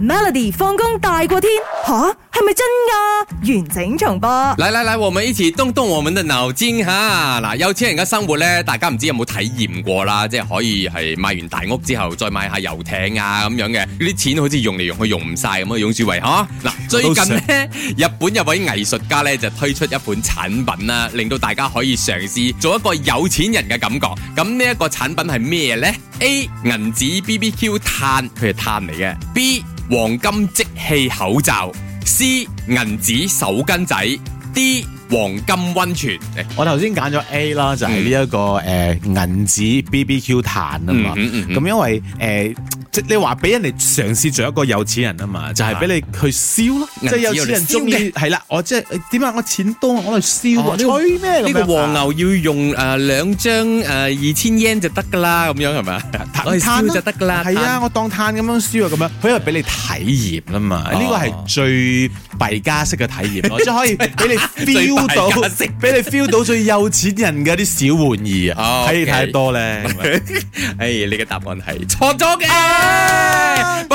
Melody 放工大過天吓，係咪真噶？完整重播。嚟嚟嚟，我們一起動動我們的腦筋吓。嗱，有錢人嘅生活咧，大家唔知有冇體驗過啦，即係可以係買完大屋之後，再買下遊艇啊咁樣嘅。呢啲錢好似用嚟用去用唔晒咁啊，勇住為吓。嗱，最近呢，日本有位藝術家咧就推出一款產品啦，令到大家可以嘗試做一個有錢人嘅感覺。咁呢一個產品係咩咧？A 銀紙 B B Q 炭，佢係炭嚟嘅。B 黃金即棄口罩。C 銀紙手巾仔。D 黃金溫泉。我頭先揀咗 A 啦、這個，就係呢一個誒銀紙 B B Q 炭啊嘛。咁、嗯嗯、因為誒。呃你話俾人哋嘗試做一個有錢人啊嘛，就係、是、俾你去燒咯，即係、就是、有錢人中意係啦。我即係點啊？我錢多，我嚟燒啊吹咩？呢、哦這個黃牛要用誒兩張誒二千 yen 就得噶啦，咁樣係嘛？我就得噶啦。係啊，我當炭咁樣燒啊，咁樣。佢係俾你體驗啦嘛。呢、哦這個係最弊家式嘅體驗咯，即 係可以俾你 feel 到，俾你 feel 到最有錢人嘅啲小玩意啊。睇、哦 okay、太多咧，哎， 你嘅答案係錯咗嘅。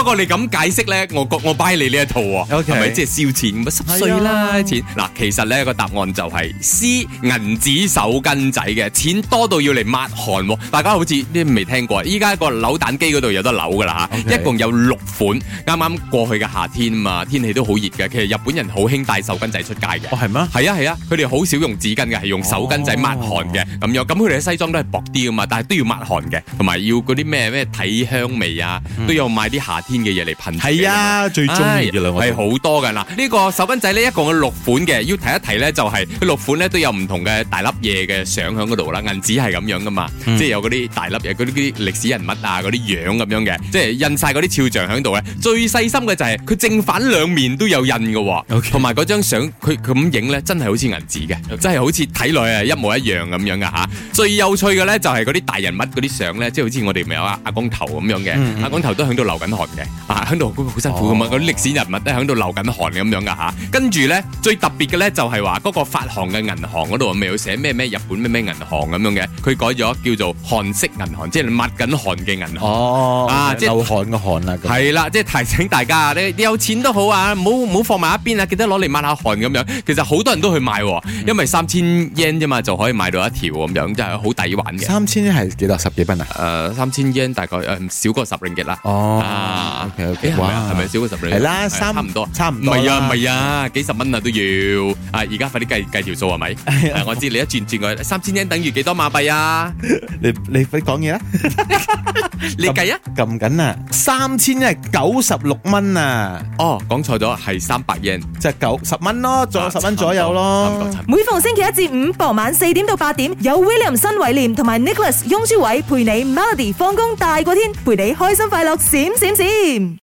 不過你咁解釋咧，我覺我 buy 你呢一套喎，係咪即係燒錢咁啊？濕碎啦，錢嗱，其實咧個答案就係撕銀紙手巾仔嘅，錢多到要嚟抹汗大家好似呢未聽過，依家個扭蛋機嗰度有得扭噶啦吓，一共有六款。啱啱過去嘅夏天啊嘛，天氣都好熱嘅，其實日本人好興帶手巾仔出街嘅。哦，係咩？係啊係啊，佢哋好少用紙巾嘅，係用手巾仔抹汗嘅。咁、哦、樣咁佢哋嘅西裝都係薄啲噶嘛，但係都要抹汗嘅，同埋要嗰啲咩咩體香味啊，嗯、都要買啲夏天嘅嘢嚟噴，係啊，嗯、最中意，係、哎、好多噶嗱。呢、這個手巾仔呢，一共有六款嘅，要提一提咧，就係、是、佢六款咧都有唔同嘅大粒嘢嘅相喺嗰度啦。銀紙係咁樣噶嘛，嗯、即係有嗰啲大粒嘢，嗰啲啲歷史人物啊，嗰啲樣咁樣嘅，即係印晒嗰啲肖像喺度咧。最細心嘅就係佢正反兩面都有印嘅，同埋嗰張相佢咁影咧，真係好似銀紙嘅，okay. 真係好似睇落啊一模一樣咁樣噶嚇。啊最有趣嘅咧，就係嗰啲大人物嗰啲相咧，即係好似我哋咪有阿公、mm-hmm. 阿光頭咁樣嘅，阿光頭都喺度流緊汗嘅，啊，喺度好辛苦咁啊！啲、oh. 歷史人物都喺度流緊汗咁樣噶嚇。跟住咧，最特別嘅咧，就係話嗰個發行嘅銀行嗰度，未有寫咩咩日本咩咩銀行咁樣嘅，佢改咗叫做韓式銀行，即係抹緊汗嘅銀行。哦、oh. 啊，啊、okay. 即係，流汗嘅汗啊。係啦，即係提醒大家，你有錢都好啊，唔好唔好放埋一邊啊，記得攞嚟抹下汗咁樣。其實好多人都去買喎，因為三千 yen 啫嘛就可以買到一條咁樣。係好抵玩嘅，三千円係幾多十幾蚊啊？誒，三千 yen 大概誒少過十零嘅啦。哦，OK OK，係咪？係咪少過十零？係啦，差唔多，差唔多。唔係啊，唔係啊，幾十蚊啊都要。啊，而家快啲計計條數係咪？我知你一轉轉個，三千 yen 等於幾多馬幣啊？你你快講嘢啦，你計啊？撳緊啊！三千係九十六蚊啊！哦，講錯咗，係三百 yen，即係九十蚊咯，仲有十蚊左右咯。每逢星期一至五傍晚四點到八點有 William。新偉廉同埋 Nicholas 雍舒偉陪你 Melody 放工大過天，陪你開心快樂閃閃閃。